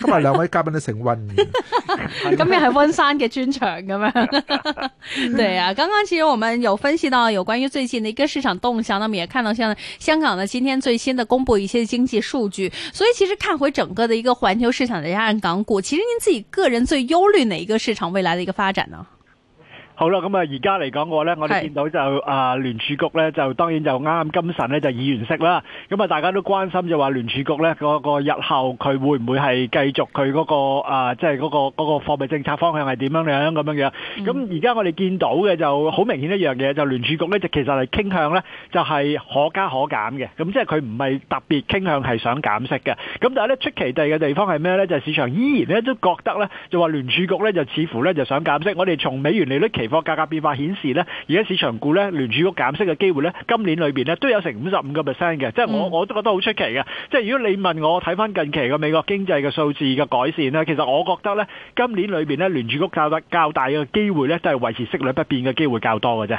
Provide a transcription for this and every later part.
今日兩位嘉賓都成溫，咁又係溫山嘅專場咁樣。 對啊，剛剛其實我們有分析到有關於最近的一個市場動向，那麼也看到現在香港呢，今天最新的公布一些經濟數據，所以其實看回整個的一個環球市場，再加上港股，其實您自己個人最憂慮哪一個市場未來的一個發展呢？好啦，咁啊，而家嚟講嘅話咧，我哋見到就啊聯儲局咧，就當然就啱今晨咧就議完息啦。咁啊，大家都關心就話聯儲局咧嗰個日後佢會唔會係繼續佢嗰個啊，即係嗰個嗰個貨幣政策方向係點樣樣咁樣樣。咁而家我哋見到嘅就好明顯一樣嘢，就聯儲局咧就其實係傾向咧就係可加可減嘅。咁即係佢唔係特別傾向係想減息嘅。咁但係咧出奇地嘅地方係咩咧？就係市場依然咧都覺得咧就話聯儲局咧就似乎咧就想減息。我哋從美元利率期個價格變化顯示呢，而家市場估呢聯儲局減息嘅機會呢，今年裏邊呢都有成五十五個 percent 嘅，即係、就是、我我都覺得好出奇嘅。即係如果你問我睇返近期嘅美國經濟嘅數字嘅改善呢，其實我覺得呢今年裏邊呢聯儲局較大較大嘅機會呢，都係維持息率不變嘅機會較多嘅啫。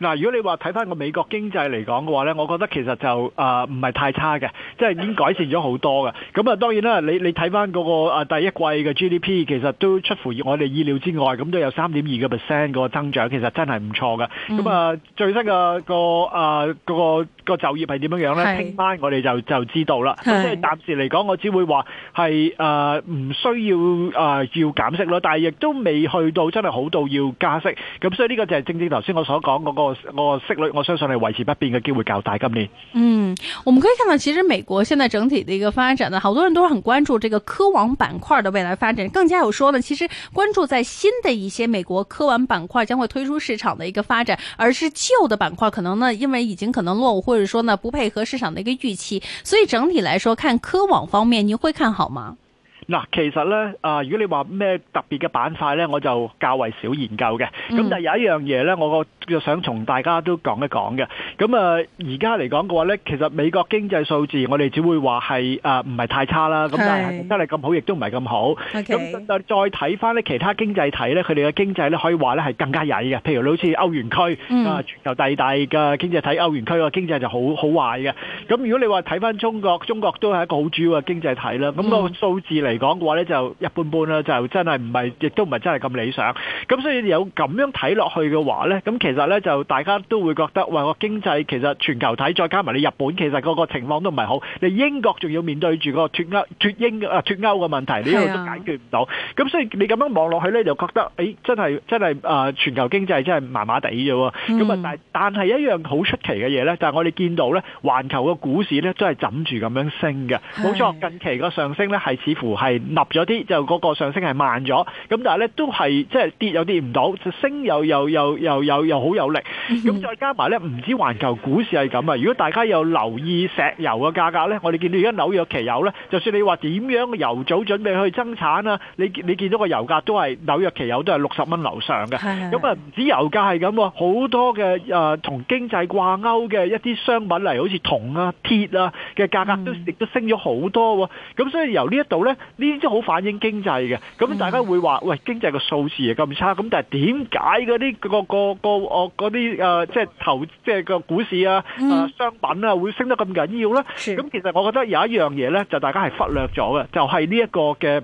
嗱，如果你話睇翻個美國經濟嚟講嘅話呢，我覺得其實就啊唔係太差嘅，即係已經改善咗好多嘅。咁啊，當然啦，你你睇翻嗰個第一季嘅 GDP，其實都出乎我哋意料之外，咁都有三點二個 percent 嗰個增長，其實真係唔錯嘅。咁、嗯、啊，最新嘅個啊個個就業係點樣樣呢？咧是？聽晚我哋就就知道啦。咁是所以暫時嚟講，我只會話係啊唔需要啊、呃、要減息咯，但係亦都未去到真係好到要加息。咁所以呢個就係正正頭先我所講嗰、嗰個。我息率，我相信你維持不變嘅機會較大。今年，嗯，我們可以看到，其實美國現在整體的一個發展呢，好多人都係很關注這個科網板塊的未來發展。更加有說呢，其實關注在新的一些美國科網板塊將會推出市場的一個發展，而是舊的板塊可能呢，因為已經可能落伍，或者說呢不配合市場的一個預期。所以整體來說，看科網方面，你會看好嗎？嗱，其實咧啊，如果你話咩特別嘅板塊咧，我就較為少研究嘅。咁、嗯、但有一樣嘢咧，我就想同大家都講一講嘅。咁啊，而家嚟講嘅話咧，其實美國經濟數字我哋只會話係啊，唔係太差啦。咁是但係得嚟咁好，亦都唔係咁好。咁 Okay 再睇翻咧其他經濟體咧，佢哋嘅經濟咧可以話咧係更加曳嘅。譬如好似歐元區啊，嗯、全球第二大，大經濟體歐元區嘅經濟就好好壞嘅。咁如果你話睇翻中國，中國都係一個好主要嘅經濟體啦。咁、個數字嚟。講嘅話咧就一般般啦，就真係唔係，亦都唔係真係咁理想。咁所以有咁樣睇落去嘅話咧，咁其實咧就大家都會覺得，喂個經濟其實全球睇，再加埋你日本，其實個個情況都唔係好。你英國仲要面對住個脫歐、脫英啊脫歐嘅問題，呢樣都解決唔到。咁所以你咁樣望落去咧，就覺得，誒，真係真係啊，全球經濟真係麻麻地啫。咁啊，但係但係一樣好出奇嘅嘢咧，就係我哋見到咧，環球嘅股市咧都係枕住咁樣升嘅，冇錯。近期個上升咧係似乎。係立咗啲，就嗰個上升係慢咗，咁但係咧都係即係跌又跌唔到，就升又又又又又又好有力。咁再加埋咧，唔止環球股市係咁啊！如果大家有留意石油嘅價格咧，我哋見到而家紐約期油咧，就算你話點樣油組準備去增產啊，你你見到個油價都係紐約期油都係六十蚊樓上嘅。咁啊，唔止油價係咁喎，好多嘅誒同經濟掛鈎嘅一啲商品嚟，好似銅啊、鐵啊嘅價格都亦都升咗好多喎。咁所以由呢一度咧。呢啲都好反映經濟嘅，咁大家會話喂，經濟個數字咁差，咁但係點解嗰啲個個個我嗰啲誒即係投即係個股市啊、呃、商品啊會升得咁緊要咧？咁其實我覺得有一樣嘢咧，就大家係忽略咗嘅，就係呢一個嘅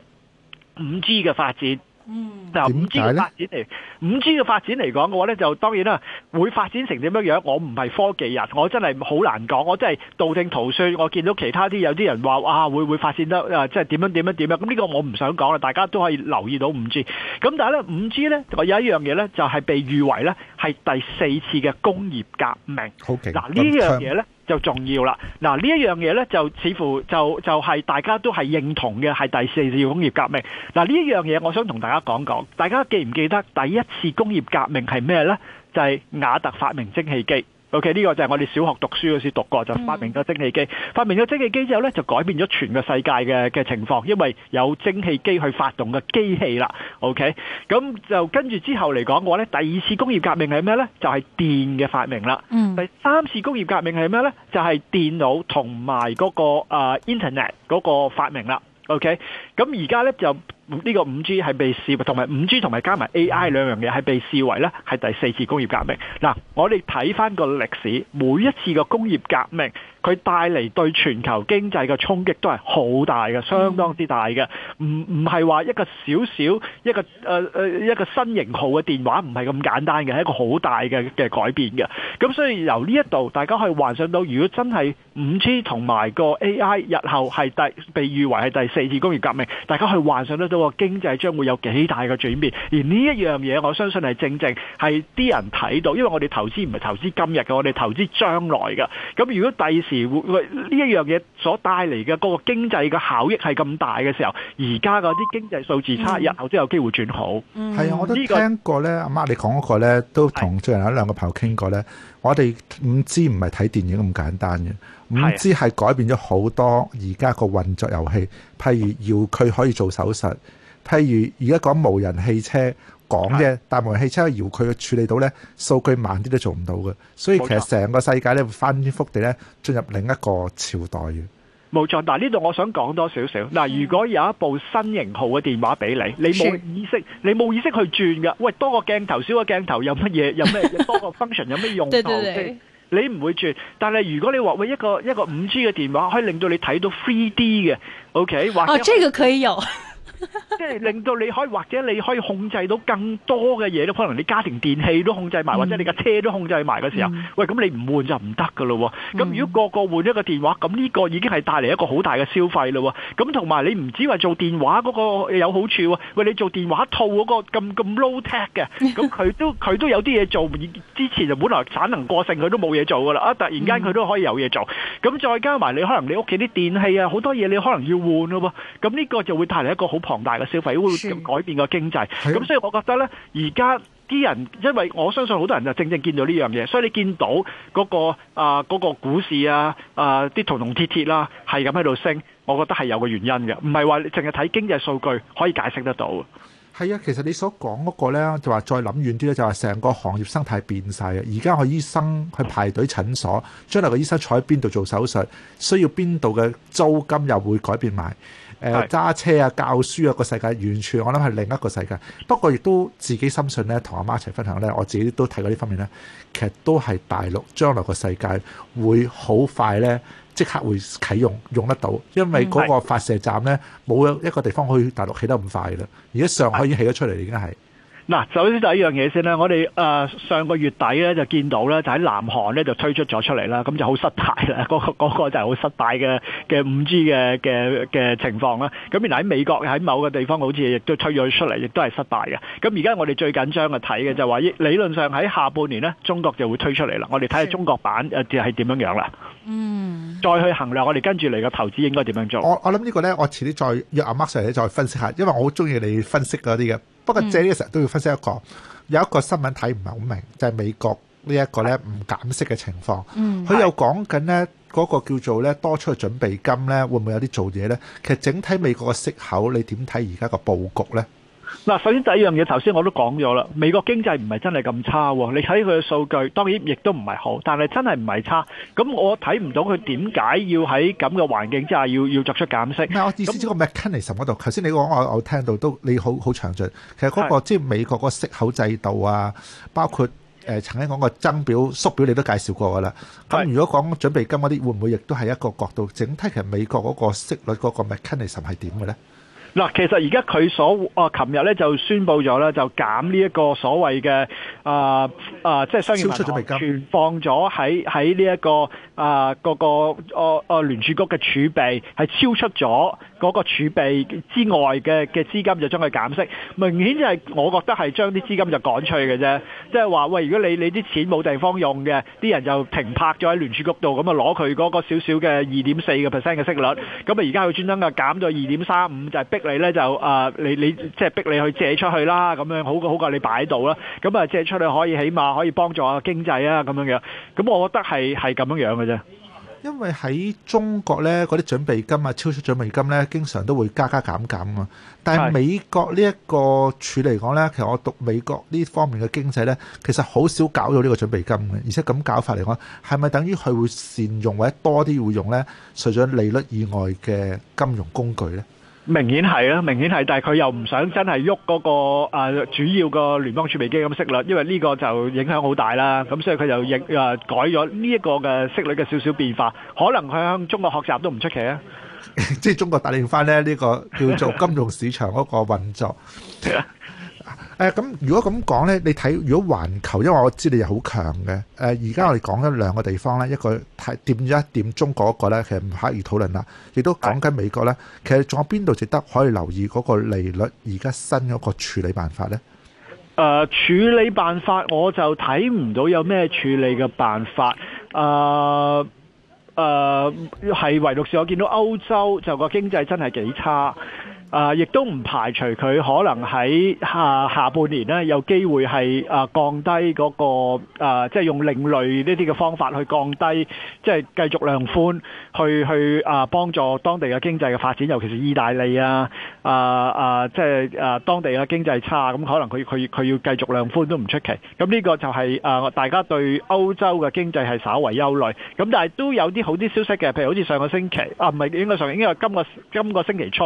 5G 嘅發展。嗯，嗱、就、五、是、G 嘅發展嚟，五 G 嘅發展嚟講嘅話呢，就當然啦，會發展成點樣樣？我唔係科技人，我真係好難講，我真係道聽途説。我見到其他啲有啲人話哇、啊，會會發展得即係點樣點樣點樣！咁呢個我唔想講啦，大家都可以留意到五 G。咁但係呢，五 G 咧，我有一樣嘢呢，就係、是、被譽為呢。係第四次嘅工業革命。嗱呢一樣嘢呢就重要啦。嗱呢一樣嘢呢就似乎就就係大家都係認同嘅係第四次工業革命。嗱呢一樣嘢，我想同大家講講。大家記唔記得第一次工業革命係咩呢？就係、是、瓦特發明蒸汽機。OK，呢個就係我哋小學讀書嗰時讀過，就發明咗蒸汽機。嗯、發明咗蒸汽機之後咧，就改變咗全個世界嘅嘅情況，因為有蒸汽機去發動嘅機器啦。OK，咁就跟住之後嚟講嘅話咧，第二次工業革命係咩咧？就係、是、電嘅發明啦。嗯，第三次工業革命係咩咧？就係、是、電腦同埋嗰個誒、uh, Internet 嗰個發明啦。OK，咁而家咧就。呢個五 G 係被視為，同埋五 G 同埋加埋 AI 兩樣嘢，係被視為咧係第四次工業革命。嗱，我哋睇翻個歷史，每一次個工業革命，佢帶嚟對全球經濟嘅衝擊都係好大嘅，相當之大嘅。唔唔係話一個少少一個誒誒、呃呃、一個新型號嘅電話，唔係咁簡單嘅，係一個好大嘅嘅改變嘅。咁所以由呢一度，大家可以幻想到，如果真係五 G 同埋個 AI 日後係第被譽為係第四次工業革命，大家去幻想得到，個經濟將會有幾大嘅轉變，而呢一樣嘢，我相信係正正係啲人睇到，因為我哋投資唔係投資今日嘅，我哋投資將來嘅。咁如果第時會呢一樣嘢所帶嚟嘅個經濟嘅效益係咁大嘅時候，而家嘅啲經濟數字差，日後、嗯、都有機會轉好。係啊，我都聽過咧，阿媽、嗯、你講嗰個咧，都同最近有兩個朋友傾過咧。我哋五 G 唔係睇電影咁簡單嘅，五 G 係改變咗好多而家個運作遊戲。譬如遙距可以做手術，譬如而家講無人汽車講嘅，是的 但無人汽車遙距嘅處理到咧數據慢啲都做唔到嘅，所以其實成個世界咧會翻天覆地咧進入另一個朝代嘅。冇錯，嗱呢度我想講多少少，嗱如果有一部新型號嘅電話俾你，你冇意識，是你冇意識去轉㗎，喂多個鏡頭少個鏡頭有乜嘢？有咩嘢 多個 function 有咩用途？對對對，你唔會轉，但係如果你話喂一個一個五 G 嘅電話可以令你看到你睇到 3D 嘅，OK？或者啊，呢個可以有。 即係令到你可以，或者你可以控制到更多嘅嘢咯，可能你家庭電器都控制埋，或者你架車都控制埋嘅時候，嗯、喂，咁你唔換就唔得噶咯咁、嗯、如果個個換一個電話，咁呢個已經係帶嚟一個好大嘅消費咯。咁同埋你唔止話做電話嗰個有好處，喂，你做電話套嗰個咁咁 low tech 嘅，咁佢都佢都有啲嘢做。之前就本來產能過剩佢都冇嘢做噶啦、啊，突然間佢都可以有嘢做。咁再加埋你可能你屋企啲電器啊，好多嘢你可能要換咯。咁呢個就會帶嚟一個好。龐大嘅消費會改變個經濟，咁的所以我覺得呢，而家啲人，因為我相信好多人就正正見到呢樣嘢，所以你見到嗰、那個啊，嗰、那個股市啊，啊啲銅銅鐵鐵啦，係咁喺度升，我覺得係有個原因嘅，唔係話淨係睇經濟數據可以解釋得到。係啊，其實你所講嗰個呢，遠就話再諗遠啲咧，就話成個行業生態變晒啊！而家個醫生去排隊診所，將來個醫生坐喺邊度做手術，需要邊度嘅租金又會改變埋。誒揸車啊、教書啊，個世界完全我諗係另一個世界。不過亦都自己深信咧，同阿媽一齊分享咧，我自己都睇過呢方面咧。其實都係大陸將來個世界會好快咧，即刻會啟用用得到，因為嗰個發射站咧，冇一個地方可以大陸起得咁快啦。而家上海已經起咗出嚟，已經係。嗱，首先就一樣嘢先啦。我哋誒上個月底咧就見到咧，就喺南韓咧就推出咗出嚟啦，咁就好失敗啦。嗰個嗰個就係好失敗嘅嘅五 G 嘅嘅嘅情況啦。咁原來喺美國喺某個地方好似亦都推咗出嚟，亦都係失敗嘅。咁而家我哋最緊張嘅睇嘅就係話，理論上喺下半年咧，中國就會推出嚟啦。我哋睇下中國版誒係點樣樣啦。嗯，再去衡量我哋跟住嚟嘅投資應該點樣做？我我諗呢個咧，我遲啲再約阿 Mark Sir 再分析下，因為我好中意你分析嗰啲嘅。不過，借呢個時候都要分析一個，有一個新聞睇唔係好明，就係美國呢一個咧唔減息嘅情況。佢又講緊咧嗰個叫做咧多出去準備金咧，會唔會有啲做嘢咧？其實整體美國嘅息口，你點睇而家個佈局咧？嗱，首先第一樣嘢，頭先我都講咗啦，美國經濟唔係真係咁差喎。你睇佢嘅數據，當然亦都唔係好，但係真係唔係差。咁我睇唔到佢點解要喺咁嘅環境之下要要作出減息。唔係，我意思即係個 mechanism 嗰度。頭先你講我我聽到都你好好詳盡。其實嗰個即係美國嗰個息口制度啊，包括誒曾經講過增表縮表，你都介紹過噶啦。咁如果講準備金嗰啲，會唔會亦都係一個角度？整體其實美國嗰個息率嗰個 mechanism 係點嘅咧？嗱,其實而家佢所啊，琴日咧就宣布咗咧，就減呢一個所謂嘅啊啊，即係商業銀行存放咗喺喺呢一個啊個個哦哦聯儲局嘅儲備,係超出咗嗰個儲備之外嘅嘅資金，就將佢減息。明顯就係我覺得係將啲資金就趕出去嘅啫，即係話喂，如果你你啲錢冇地方用嘅，啲人就停泊咗喺聯儲局度，咁啊攞佢嗰個少少嘅二點四個 percent 嘅息率，咁啊而家佢專登啊減咗二點三五，就係逼。你咧就啊，你你即係逼你去借出去啦，咁樣好過好過你擺喺度啦。咁啊，借出去可以，起碼可以幫助下經濟啊，咁樣樣。咁我覺得係係咁樣樣嘅啫。因為喺中國咧，嗰啲準備金啊，超出準備金咧，經常都會加加減減啊。但係美國呢一個處嚟講咧，其實我讀美國呢方面嘅經濟咧，其實好少搞到呢個準備金嘅，而且咁搞法嚟講係咪等於佢會善用或者多啲會用咧？除咗利率以外嘅金融工具咧？明顯係啦，明顯係，但係佢又唔想真係喐嗰個誒主要個聯邦儲備基金息率，因為呢個就影響好大啦。咁所以佢就亦啊改咗呢一個嘅息率嘅少少變化，可能佢向中國學習都唔出奇啊！即係中國帶領翻咧呢個叫做金融市場嗰個運作，係啊。誒、咁、啊、如果咁講呢，你睇如果環球，因為我知你又好強嘅。誒、啊，而家我哋講咗兩個地方呢，一個係掂咗一掂中國嗰個呢，其實唔刻意討論啦。亦都講緊美國呢，其實仲有邊度值得可以留意嗰個利率，而家新嗰個處理辦法呢？誒、啊，處理辦法我就睇唔到有咩處理嘅辦法。誒、啊、誒、係、啊、唯獨是我見到歐洲就個經濟真係幾差。啊！亦都唔排除佢可能喺下下半年呢有機會係啊降低嗰、那個即係、啊就是、用另類呢啲嘅方法去降低，即、就、係、是、繼續量寬去去啊幫助當地嘅經濟嘅發展，尤其是意大利啊啊啊！即係啊、就是、啊當地嘅經濟差，咁、嗯、可能佢佢佢要繼續量寬都唔出奇。咁呢個就係、是、啊大家對歐洲嘅經濟係稍為憂慮。咁但係都有啲好啲消息嘅，譬如好似上個星期啊，唔係應該上應該今個今個今個星期初。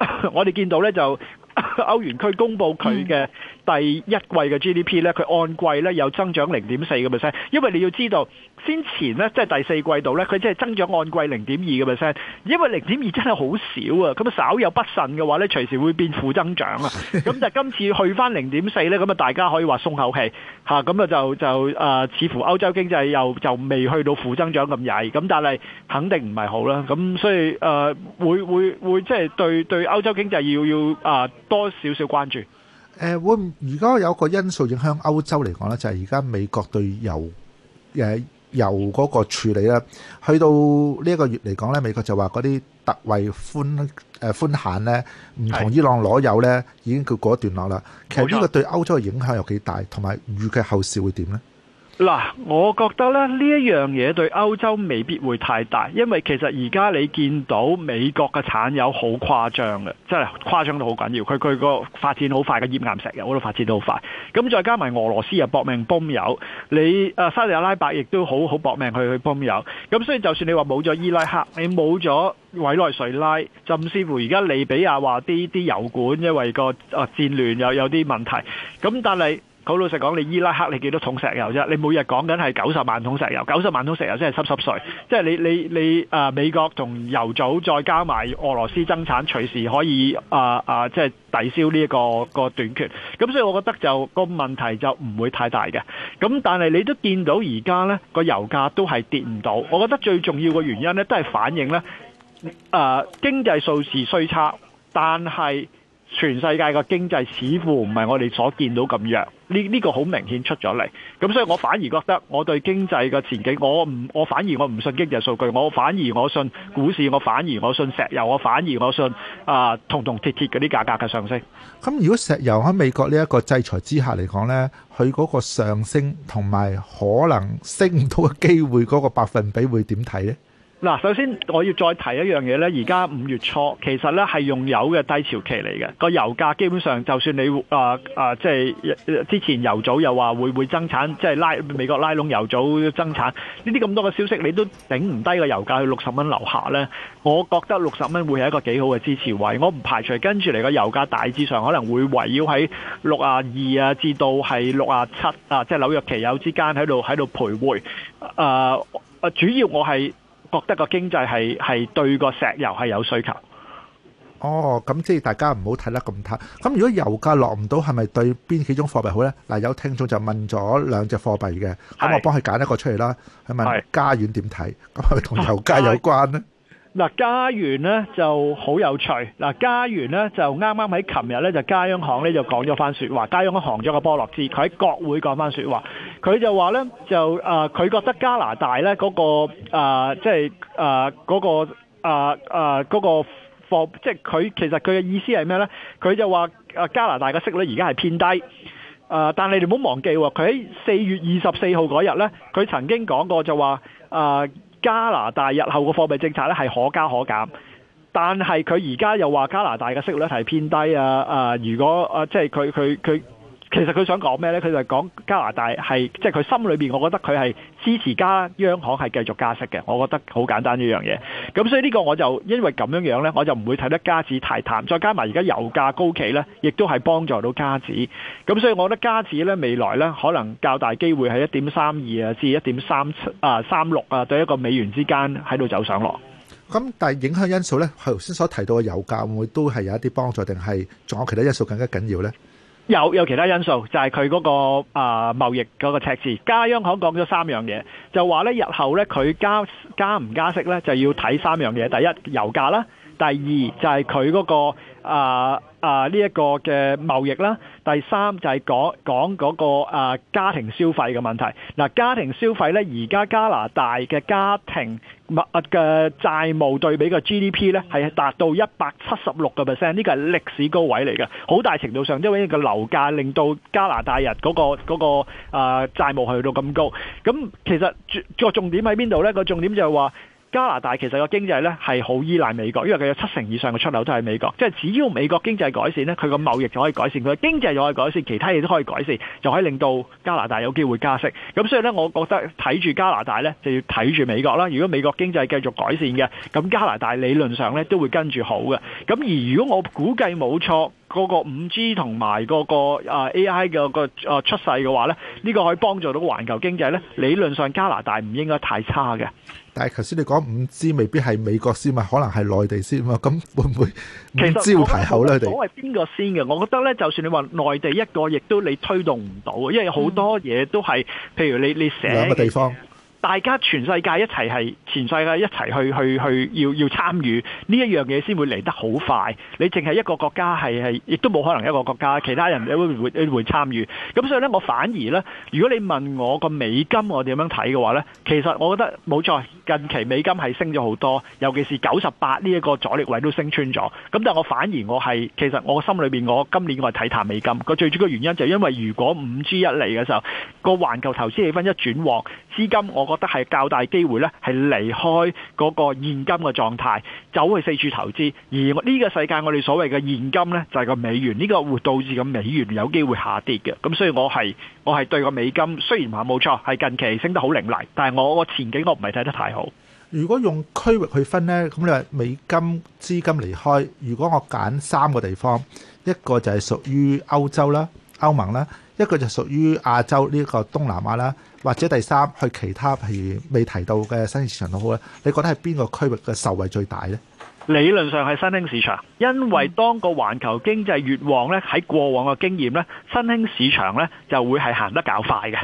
我哋見到咧就，歐元區公布佢嘅第一季嘅 GDP 咧，佢按季咧有增長零點四嘅 percent，因為你要知道先前咧即係第四季度咧，佢即係增長按季零點二嘅 percent，因為零點二真係好少啊，咁啊稍有不慎嘅話咧，隨時會變負增長啊，咁但係今次去翻零點四咧，咁啊大家可以話鬆口氣嚇，咁啊就就啊、呃、似乎歐洲經濟又就未去到負增長咁曳，咁但係肯定唔係好啦，咁所以誒、呃、會會會即係對對歐洲經濟要要啊。呃多少少關注？誒、呃，會而家有個因素影響歐洲嚟講呢就係而家美國對油誒、呃、油嗰個處理咧，去到呢一個月嚟講呢美國就話嗰啲特惠寬誒、呃、寬限呢唔同伊朗攞油呢的已經告一段落啦。其實呢個對歐洲嘅影響有幾大，同埋預計後市會點呢？嗱，我覺得咧呢一樣嘢對歐洲未必會太大，因為其實而家你見到美國嘅產油好誇張嘅，即係誇張到好緊要。佢佢個發展好快嘅頁岩石油都發展得好快。咁再加埋俄羅斯又搏命泵油，你啊沙利亞拉伯亦都好好搏命去去泵油。咁所以就算你話冇咗伊拉克，你冇咗委內瑞拉，甚至乎而家利比亞話啲啲油管，因為個啊戰亂又有啲問題，咁但係。好老實講，你伊拉克你幾多桶石油啫？你每日講緊係九十萬桶石油，九十萬桶石油真係濕濕碎，即係你你你誒、呃，美國同油組再加埋俄羅斯增產，隨時可以誒誒、呃呃，即係抵消呢、這、一個、個短缺。咁所以我覺得就、個問題就唔會太大嘅。咁但係你都見到而家呢個油價都係跌唔到。我覺得最重要嘅原因呢，都係反映呢誒、呃、經濟數字雖差，但係。全世界嘅經濟似乎唔係我哋所見到咁弱，呢、這、呢個好明顯出咗嚟。咁所以我反而覺得，我對經濟嘅前景，我唔，我反而我唔信經濟數據，我反而我信股市，我反而我信石油，我反而我信啊銅銅鐵鐵嗰啲價格嘅上升。咁如果石油喺美國呢一個制裁之下嚟講呢，佢嗰個上升同埋可能升唔到嘅機會嗰個百分比會點睇呢？嗱，首先我要再提一樣嘢呢。而家五月初其實呢係用油嘅低潮期嚟嘅，個油價基本上就算你啊啊，即、呃、係、呃就是、之前油組又話會唔會增產，即、就、係、是、拉美國拉攏油組增產，呢啲咁多嘅消息你都頂唔低個油價去六十蚊樓下呢。我覺得六十蚊會係一個幾好嘅支持位，我唔排除跟住嚟個油價大致上可能會圍繞喺六啊二啊至到係六啊七啊，即係紐約期油之間喺度喺度徘徊。誒、呃、主要我係覺得個經濟係係對個石油係有需求。哦，咁即係大家唔好睇得咁太。咁如果油價落唔到，係咪對邊幾種貨幣好呢？嗱，有聽眾就問咗兩隻貨幣嘅，咁我幫佢揀一個出嚟啦。去是問加元點睇？咁係咪同油價有關呢？嗱、啊，加元呢就好有趣。嗱，加元呢就啱啱喺琴日呢，就加央行呢就講咗返説話。加央行咗個波洛茲，佢喺國會講翻説話。佢就話呢，就啊，佢覺得加拿大呢嗰、嗰個即係啊，嗰、即係啊嗰個啊啊嗰、嗰個貨，即係佢其實佢嘅意思係咩呢？佢就話啊，加拿大嘅息率而家係偏低。啊，但係你哋唔好忘記，佢喺四月二十四號嗰日呢，佢曾經講過就話啊，加拿大日後嘅貨幣政策呢係可加可減。但係佢而家又話加拿大嘅息率係偏低啊！如果，即係佢佢佢。啊即係其實佢想講咩呢？佢就講加拿大係，即係佢心裏邊，我覺得佢係支持加央行係繼續加息嘅。我覺得好簡單呢樣嘢。咁所以呢個我就因為咁樣樣呢，我就唔會睇得加指太淡。再加埋而家油價高企呢，亦都係幫助到加指。咁所以我覺得加指呢，未來呢可能較大機會係一點三二啊，至一點三七啊，三六啊，對一個美元之間喺度走上落。咁但係影響因素呢，頭先所提到嘅油價會唔會都係有一啲幫助，定係仲有其他因素更加緊要呢？有有其他因素，就係佢嗰個啊，貿易嗰個赤字。加央行講咗三樣嘢，就話咧，日後咧佢加加唔加息咧，就要睇三樣嘢。第一，油價啦。第二就係佢嗰個啊啊呢一個嘅貿易啦，第三就係講講嗰個啊家庭消費嘅問題。嗱，家庭消費咧，而家加拿大嘅家庭物嘅債務對比個 GDP 咧，係達到一百七十六個 percent，呢個係歷史高位嚟嘅。好大程度上，因為個樓價令到加拿大人嗰個嗰個啊債務去到咁高。咁其實個、啊、重點喺邊度咧？個重點就係話。加拿大其實個經濟咧係好依賴美國，因為佢有七成以上嘅出口都係美國。即係只要美國經濟改善咧，佢個貿易就可以改善，佢經濟就可以改善，其他嘢都可以改善，就可以令到加拿大有機會加息。咁所以咧，我覺得睇住加拿大咧就要睇住美國啦。如果美國經濟繼續改善嘅，咁加拿大理論上咧都會跟住好嘅。咁而如果我估計冇錯，嗰個 5G 同埋嗰個 AI 嘅個出世嘅話咧，呢個可以幫助到環球經濟咧。理論上加拿大唔應該太差嘅。係，頭先、哎、你講 5G 未必係美國先嘛，可能係內地先嘛，咁會唔會唔招牌口咧？佢哋我係邊個先嘅？我覺得咧，就算你話內地一個，亦都你推動唔到，因為好多嘢都係，嗯、譬如你你成個地方。大家全世界一齊係，全世界一齊去去去，要要參與呢一樣嘢先會嚟得好快。你淨係一個國家係係，亦都冇可能一個國家，其他人會,會,會參與。咁所以呢，我反而呢，如果你問我個美金我點樣睇嘅話呢？其實我覺得冇錯。近期美金係升咗好多，尤其是九十八呢一個阻力位都升穿咗。咁但我反而我係其實我心裏面，我今年我係睇淡美金。個最主要嘅原因就係因為如果五 G 一嚟嘅時候，個環球投資氣氛一轉旺，資金我。覺得係較大機會咧，係離開嗰個現金嘅狀態，走去四處投資。而呢個世界我哋所謂嘅現金咧，就係個美元。呢個會導致個美元有機會下跌嘅。咁所以我係我係對個美金雖然話冇錯，係近期升得好凌厲，但係我個前景我唔係睇得太好。如果用區域去分咧，咁你話美金資金離開，如果我揀三個地方，一個就係屬於歐洲啦、歐盟啦，一個就屬於亞洲呢個東南亞啦。或者第三去其他譬如未提到嘅新興市場都好咧，你覺得係邊個區域嘅受惠最大咧？理論上係新興市場，因為當個環球經濟越旺咧，喺過往嘅經驗咧，新興市場咧就會係行得較快嘅；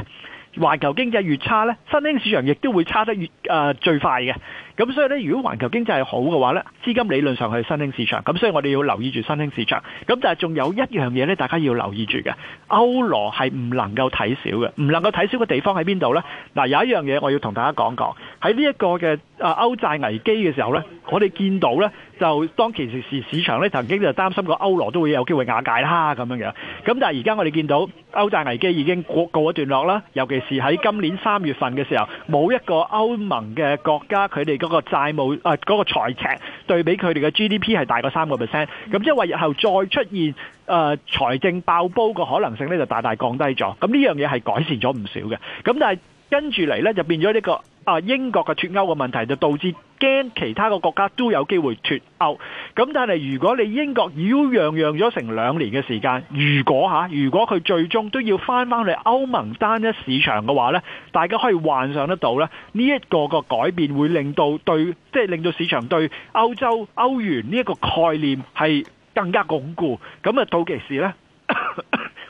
環球經濟越差咧，新興市場亦都會差得越、呃、最快嘅。咁所以咧，如果環球經濟係好嘅話咧，資金理論上去新興市場，咁所以我哋要留意住新興市場。咁但係仲有一樣嘢咧，大家要留意住嘅，歐羅係唔能夠睇少嘅，唔能夠睇少嘅地方喺邊度呢？嗱，有一樣嘢我要同大家講講，喺呢一個嘅。啊！歐債危機嘅時候呢，我哋見到呢，就當其時市場場曾經就擔心個歐羅都會有機會瓦解啦咁樣嘅。咁但係而家我哋見到歐債危機已經告一段落啦。尤其是喺今年三月份嘅時候，冇一個歐盟嘅國家佢哋嗰個債務啊嗰、嗰個財赤對比佢哋嘅 GDP 係大過三個 percent。咁即係日後再出現啊、呃、財政爆煲嘅可能性呢，就大大降低咗。咁呢樣嘢係改善咗唔少嘅。咁但係跟住嚟呢，就變咗呢個。啊！英國嘅脱歐嘅問題就導致驚其他嘅國家都有機會脱歐。咁但係如果你英國擾攘攘咗成兩年嘅時間，如果嚇、啊，如果佢最終都要翻翻去歐盟單一市場嘅話呢，大家可以幻想得到呢，呢、呢、一個改變會令到對，即、就、係、係、令到市場對歐洲歐元呢一個概念係更加鞏固。咁啊，到期時呢？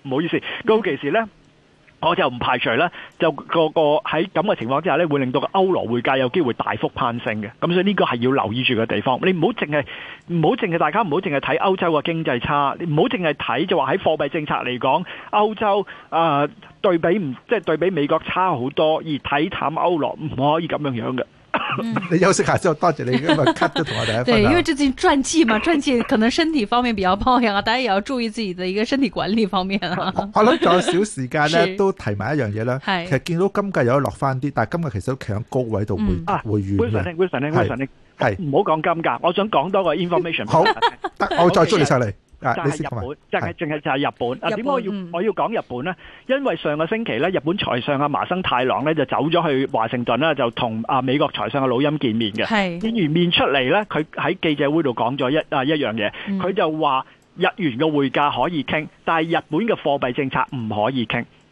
唔 好意思，到期時呢。我就唔排除啦，就個個喺咁嘅情況之下咧，會令到個歐羅匯價有機會大幅攀升嘅。咁所以呢個係要留意住嘅地方。你唔好淨係，唔好淨係，大家唔好淨係睇歐洲嘅經濟差，你唔好淨係睇就話喺貨幣政策嚟講，歐洲誒、呃、對比唔即係，對比美國差好多，而睇淡歐羅唔可以咁樣樣嘅。嗯、你休息下之後，多謝你，今日 cut 咗同我哋一份，因為最近轉季嘛，轉季可能身體方面比較保養啊，大家也要注意自己的一個身體管理方面啦。我諗再少時間咧，都提埋一樣嘢啦。係，其實見到金價有落翻啲，但係金價其實都企喺高位度會，嗯、會會軟係，唔好講金價，我想講多個 information。好，得，我再出嚟。上嚟。就係日本，就係淨係就係日本。日本啊，點解我要我要講日本呢？因為上個星期呢，日本財相阿麻生太郎呢就走咗去華盛頓啦，就同啊美國財相嘅老陰見面嘅。見完是面出嚟呢，佢喺記者會度講咗一啊一樣嘢，佢就話日元嘅匯價可以傾，但係日本嘅貨幣政策唔可以傾。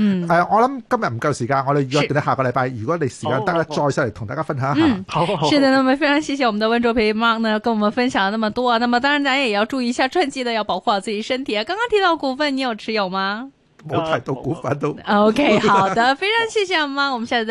嗯，誒、呃，我諗今日唔夠時間，我哋約定下個禮拜，是如果你時間得咧，哦哦、再上嚟同大家分享一下。好好、嗯，好、哦、是的，那麼非常謝謝我們的溫灼培媽呢，Mark, 跟我們分享了那麼多。那麼當然，咱也要注意一下，春季呢要保護好自己身體啊。剛剛提到股份，你有持有嗎？冇提到股份都。啊、好 OK，好的，非常謝謝阿、啊、媽， 嗯、我們下次。